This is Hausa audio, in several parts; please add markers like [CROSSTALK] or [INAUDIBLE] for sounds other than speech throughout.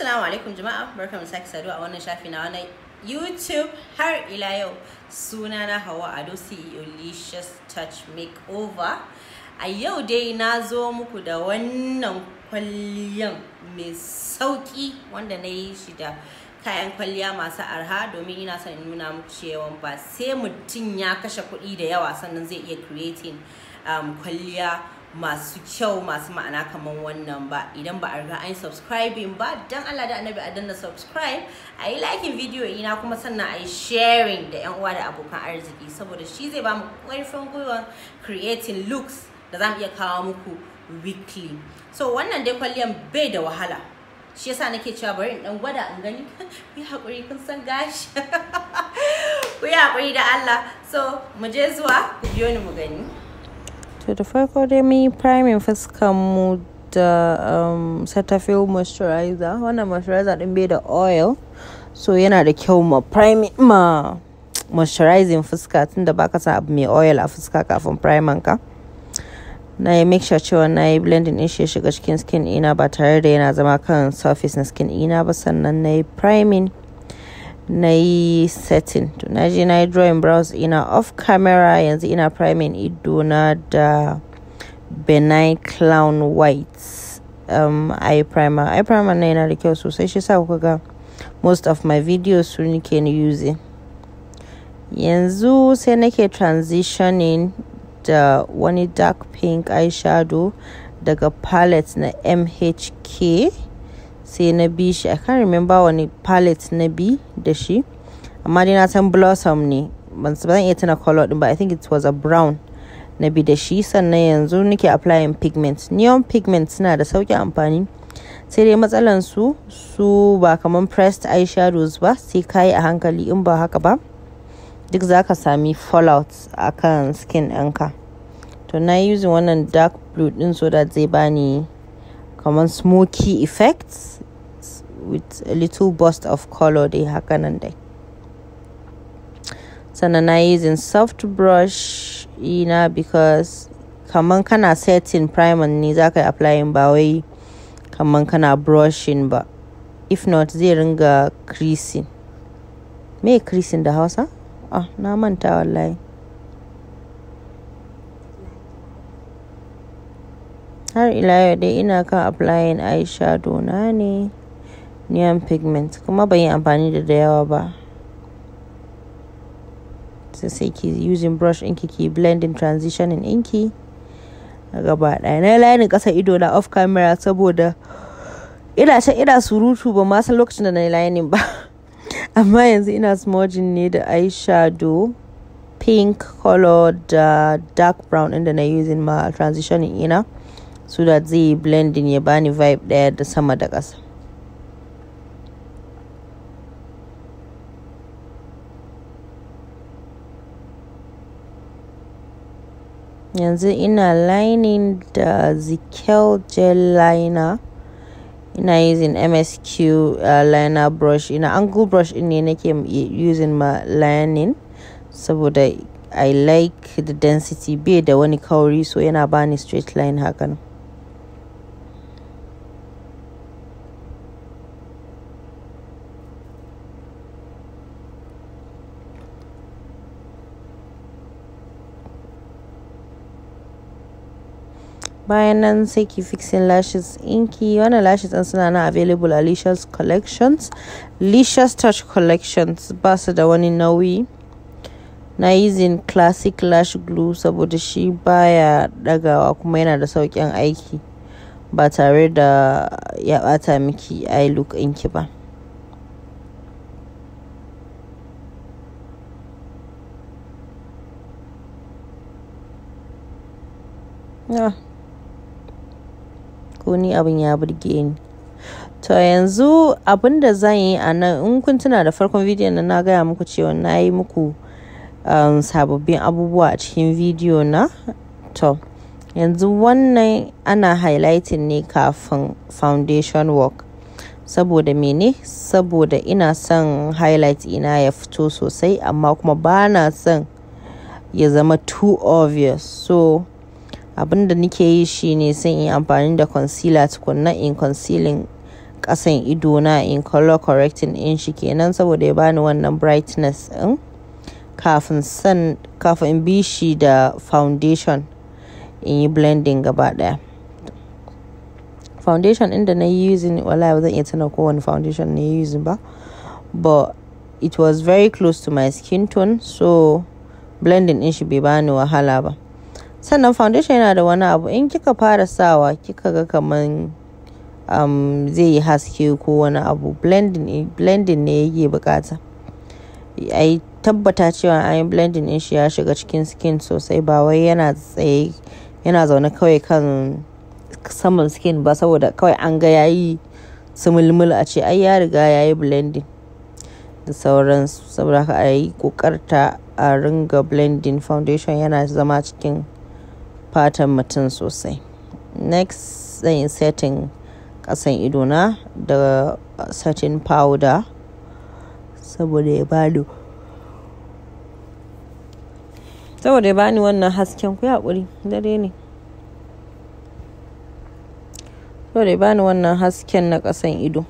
Assalamu alaikum jama'a barkamu sake saduwa a wannan shafi na wannan YouTube har ila yau suna na Hawa Ado CEO Licious Touch Makeover. A yau dai na zo muku da wannan kwalliyan mai sauki wanda na yi shi da kayan kwalliya masu arha domin ina son nuna muku cewa ba sai mutum ya kashe kuɗi da yawa sannan zai iya creating um, kwalliya masu kyau masu ma'ana kamar wannan ba idan ba a riga an subscribing ba dan Allah da annabi a danna subscribe a yi liking video ina kuma sannan a yi sharing da yan uwa da abokan arziki saboda shi zai ba mu ƙarfin gwiwa creating looks da za iya kawo muku weekly so wannan dai kwalliyan bai da wahala shi yasa nake cewa bari in dan gwada in gani [LAUGHS] ku yi hakuri kun san gashi [LAUGHS] ku yi haƙuri da Allah so mu je zuwa ku biyo ni mu gani to da farko dai mun yi fuskan mu da um, Cetaphil moisturizer wannan moisturizer din bai da oil so yana da kyau ma priming ma moisturizing fuska tunda baka sa abu mai oil a fuska kafin primer ka na yi make sure cewa na yi blending din shi shiga cikin skin ina ba tare da yana zama kan surface na skin ina ba sannan na yi priming na yi setting to na je na yi drawing brows ina off camera yanzu ina priming ido na da benign clown white um, eye primer eye primer na yana da kyau sosai shi sa kuka ga most of my videos su nike using yanzu sai nake transitioning da wani dark pink eyeshadow daga palette na mhk sai na bi shi i can't remember wani palette na bi da shi amma dai na san blossom ne ban zan iya tuna color din ba i think it was a brown na bi da shi sannan yanzu nake applying pigment neon pigment suna da sauƙin amfani sai dai matsalan su su ba kaman pressed eyeshadows ba sai kayi a hankali in ba haka ba duk za ka sami fallout a kan skin ɗinka to na yi using wannan dark blue ɗin so that zai bani kaman smoky effects with a little burst of color dai haka dai sannan na using soft brush ina because kaman kana setting primer ne za ka yi applying ba wai kaman kana brushing ba if not zai ringa creasing me creasing da hausa ah na manta wallahi har ila yau dai ina kan applying eyeshadow na ne neon pigment kuma ban yi amfani da da yawa ba sai sai ki using brush inki ki blending transitioning ɗinki gaba ɗaya na layin ƙasa ido na off camera saboda ina shan ina surutu ba ma san lokacin da na layanin ba [LAUGHS] amma yanzu ina smudging ne da eyeshadow pink color da dark brown inda na using ma transitioning ina so that zai blending ya bani vibe ɗaya da sama da kasa yanzu ina lining da Zekel gel liner ina using MSQ uh, liner brush ina angle brush ne nake using ma lining saboda I like the density bai da wani kauri so yana bani straight line hakan. bayan nan sai ki fixing lashes inki wannan lashes din suna na available a licious collections licious touch collections ba su da wani nauyi na using classic lash glue saboda shi baya dagawa kuma yana da saukin aiki ba tare da ya bata miki eye look inki ba Yeah. ko ni abin ya burge ni to yanzu abin da zan yi a nan in kun tuna da farkon bidiyon na na gaya muku cewa na yi muku um, sababbin abubuwa a cikin bidiyo na to yanzu wannan ana highlighting ne kafin foundation work saboda mene saboda ina son highlight ina ya fito sosai amma kuma ba na son ya zama too obvious so abin da nike yi shine sai in amfani da concealer tukunna in concealing kasan ido na in color correcting in shi kenan saboda ya bani wannan brightness din kafin san kafin bi shi da foundation in yi blending gaba daya foundation din da na yi using wallahi ba zan iya tana kowane foundation na yi using ba but it was very close to my skin tone so blending in shi bai bani wahala ba sannan foundation yana da wani abu in kika fara sawa kika ga kaman um, zai yi haske ko wani abu blending, blending ne yake bukata ai tabbata cewa an yi blending din shi ya shiga cikin skin sosai ba wai yana tsaye yana zaune kawai kan saman skin ba saboda kawai an ga ya yayi sumulmul a ce ai ya riga ya yi blending da sauransu saboda ka a yi kokarta a ringa blending foundation yana zama cikin fatan mutum sosai next zan yi setting kasan idona da setting powder saboda ya bani saboda ya bani wannan hasken ku yaƙuri dare ne saboda ya bani wannan hasken na kasan ido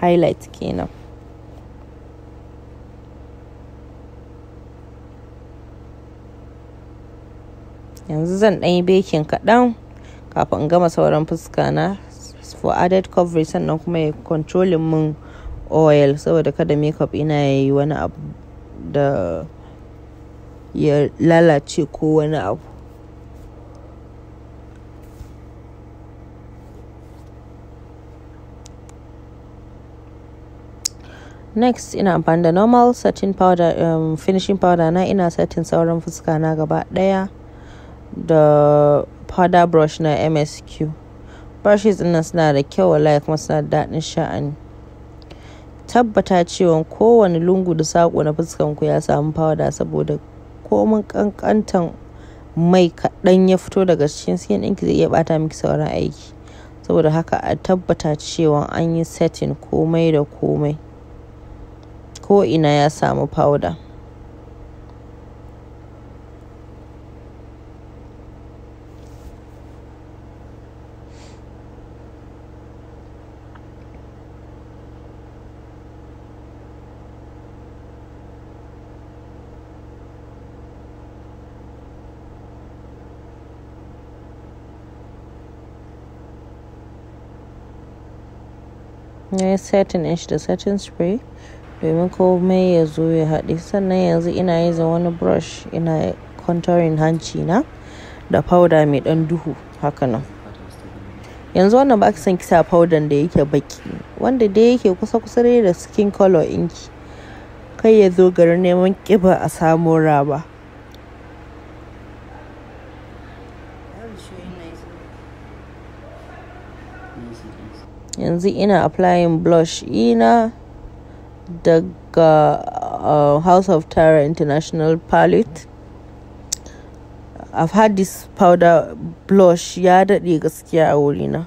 highlight kenan yanzu zan ɗanyi yi bekin kaɗan kafin in gama sauran fuska na for added coverage sannan kuma ya controlling mun oil saboda kada makeup ina ya yi wani abu da ya lalace ko wani abu next ina amfani da normal setting powder um, finishing powder na ina setting sauran fuska na gaba ɗaya da powder brush na MSQ. Brushes ɗin suna da kyau wallahi kuma suna da daɗin sha'ani. Tabbata cewa kowane lungu da saƙo na fuskan ku ya samu powder saboda komin ƙanƙantan mai kaɗan ya fito daga cikin skin ɗinki zai iya ɓata miki sauran aiki. Saboda haka a tabbata cewa an yi setting komai da komai. Ko ina ya samu powder. na yi setting ɗin shi da setin spray domin komai ya zo ya haɗe sannan yanzu ina yin wani brush ina contouring hanci na da powder mai ɗan duhu haka nan yanzu wannan ba son kisa powder da yake baki wanda dai yake kusa kusa da skin color inki kai ya zo garin neman ƙiba a samo raba yanzu ina applying blush ina daga uh, house of tara international palette i've had this powder blush ya daɗe gaskiya a wurina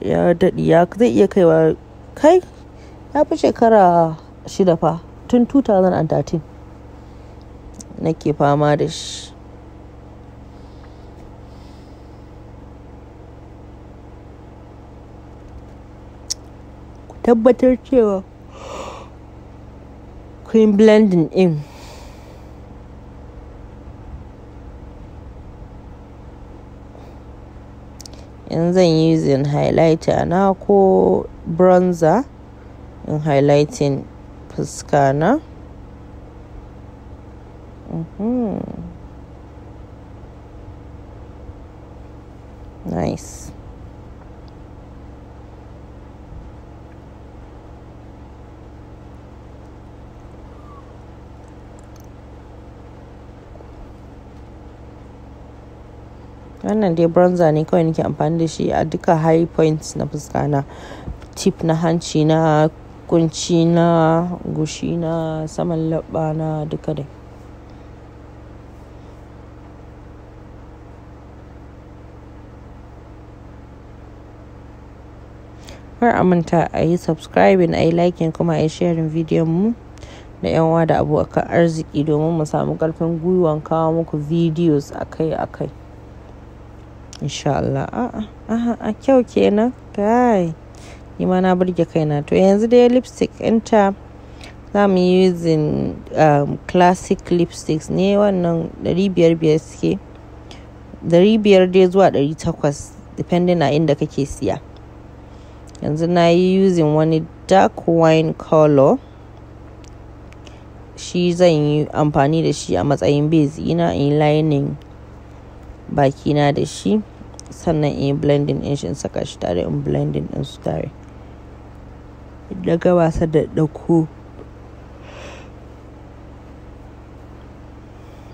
ya daɗe ya zai iya kaiwa kai ya fi shekara shida fa tun 2013 nake fama da shi tabbatar cewa kun blending in and zan using highlighter na ko bronzer in highlighting fuska na mm -hmm. nice wannan dai bronzer ne kawai nake amfani da shi a duka high points na fuska na tip na hanci na kunci na gushi na saman labba na duka dai kar a manta a yi subscribing a yi liking kuma a yi sharing bidiyon mu da yanwa da abokan arziki domin mu samu karfin gwiwan kawo muku videos akai-akai insha Allah a'a ah, a ah, ah, kyau kenan kai ni ma na burge kaina to yanzu dai lipstick ɗinta za mu yi using um, classic lipsticks ne wannan 500 suke 500 dai zuwa 800 depending a inda kake siya yanzu na yi using wani dark wine color shi zan yi amfani da shi a matsayin base ina in lining Baki na da shi sannan in yi blending ɗin shi in saka shi tare in blending ɗin su tare na wasa da dauko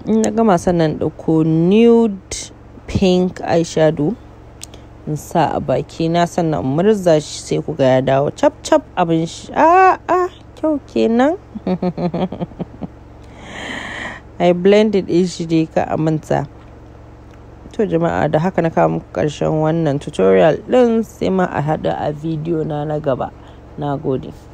in na gama sannan dauko nude pink eyeshadow in sa a baki na sannan murza shi sai ku ga ya dawo cap cap abin shi a ah, a ah, kyau kenan [LAUGHS] i blended din shi dai ka amanta to jama'a da haka na kawo muku karshen wannan tutorial din sai ma a haɗu a video na gaba na gode